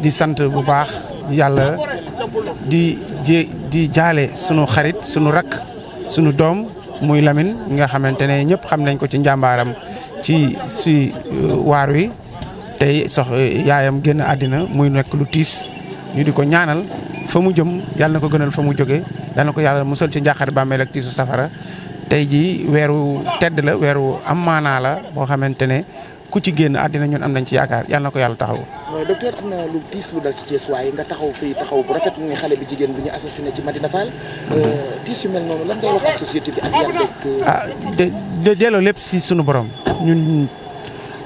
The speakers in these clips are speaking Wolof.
di sant bu baax yàlla di jé di jaale sunu xarit sunu rakk sunu doom muy Lamine nga xamante ne ñëpp xam nañ ko ci njàmbaaram ci si euh, waar wi tey sox euh, yaayam génn àddina muy nekk lu tiis ñu di ko ñaanal fa mu jëm yàlla na ko gënal fa mu jóge yàlla na ko yàlla musal ci njàqare bàmmeel ak tiisu safara tey ji weeru tedd la weeru am maanaa la boo xamante ne ku ci génn àddina ñun am nañ ci yaakaar yàlla na ko yàlla taxawu. docteur am na lu tiis lu dal ci Thiès waaye nga taxaw fii taxaw bu rafet muy xale bi jigéen bu ñu assassiné ci Madina Fall. Euh, mhm. tiis yu mel noonu lan ngay wax ak bi ak yàlla euh, ah delloo lépp si sunu borom ñun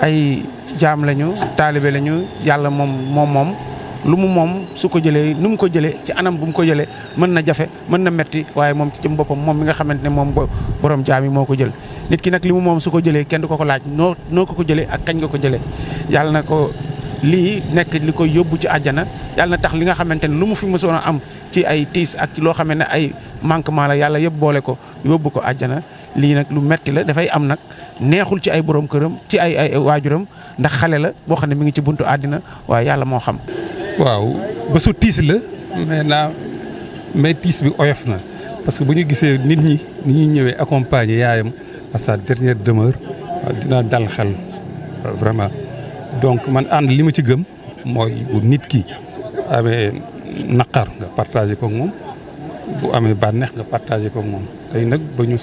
ay jaam lañu taalibe lañu yàlla moom moom moom. lu mu moom su ko jëlee nu mu ko jëlee ci anam bu mu ko jëlee mën na jafe mën na metti waaye moom ci jëm boppam moom mi nga xamante ne moom borom jaam yi moo ko jël nit ki nag li mu moom su ko jëlee kenn du ko ko laaj noo noo ko ko jëlee ak kañ nga ko jëlee yàlla na ko lii nekk li koy yóbbu ci àjjana yàlla na tax li nga xamante ne lu mu fi mësoon a am ci ay tiis ak ci loo xamee ne ay manquement la yàlla yëpp boole ko yóbbu ko àjjana lii nag lu metti la dafay am nag neexul ci ay borom këram ci ay ay waajuram ndax xale la boo xam ne mi ngi ci buntu àddina waaye yàlla moo xam. waaw bésu tiis la mais naa mais tiis bi oyof na parce que bu ñu gisee nit ñi ni ñuy ñëwee accompagner yaayam. à sa dernière demeure dina dal xel vraiment donc man ànd li ma ci gëm mooy bu nit ki amee naqar nga partagé ko moom bu amee bànneex nga partagé kook moom tey nag ba ñu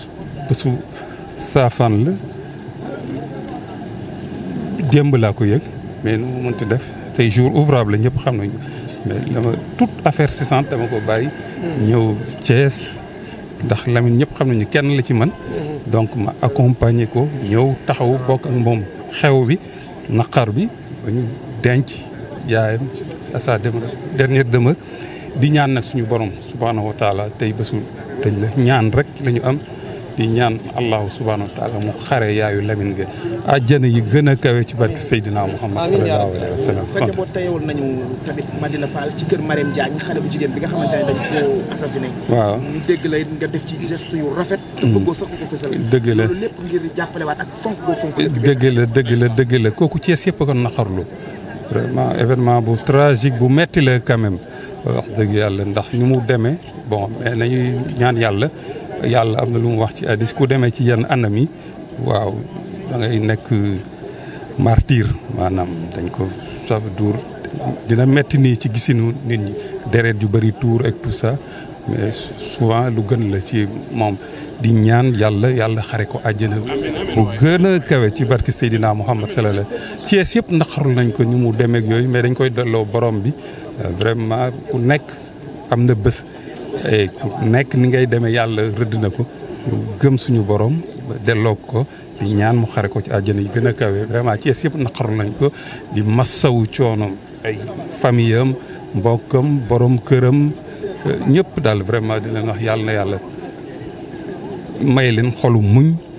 bésu saafaan la jémb laa ko yëg mais nu mu mënti def tey jour ouvrable la ñëpp xam nañu mais dama toute affaire cessante dama ko bàyyi ñëw Thiès ndax lamin ñëpp xam nañu kenn la ci man donc ma accompagner ko ñëw taxaw bokk ak moom xew bi naqar bi ba ñu denc yaayam à sa dernière demeure di ñaan nag suñu borom subhaanahu wa tey bésu dañ la ñaan rek lañu am di ñaan allahu subhanahu wa taala mu xare yaayu Lamine ga àjjana yi gën a kawe ci barke Seydina Muhammad sallallahu alayhi wa sallam fekk waaw ñu dégg la nga def ci geste yu rafet te mm. bëggoo ko fësal dëgg la loolu lépp la dëgg la kooku Thiès yëpp kon naqarlu vraiment événement bu tragique bu metti la quand wax dëgg yàlla ndax ni mu demee bon mais nañuy ñaan yàlla yàlla am na lu mu wax ci addis ku demee ci yenn anami waaw da ngay nekk martyr maanaam dañ ko saf duur dina metti nii ci gisinu nit ñi deret yu bëri tuur ak tout sax mais souvent lu gën la ci moom di ñaan yàlla yàlla xare ko àjjana bu gën a kawe ci barke Seydina Muhammad salala Thiès yëpp naqarul nañ ko ni mu demeek yooyu mais dañ koy delloo borom bi vraiment ku nekk am na bés ku nekk ni ngay demee yàlla rëdd na ko gëm suñu borom delloo ko di ñaan mu xare ko ci àjjana yi gën a kawe vraiment ci yëpp naqaru nañ ko di massawu coonoom ay famille am mbokkam borom këram ñëpp daal vraiment di leen wax yàlla na yàlla may leen xolu muñ